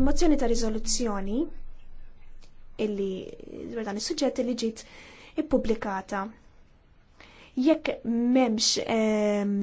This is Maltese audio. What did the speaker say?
mozzjoni ta' riżoluzzjoni illi dwar dan is-suġġett li ġiet ippubblikata. Jekk m'hemmx ehm,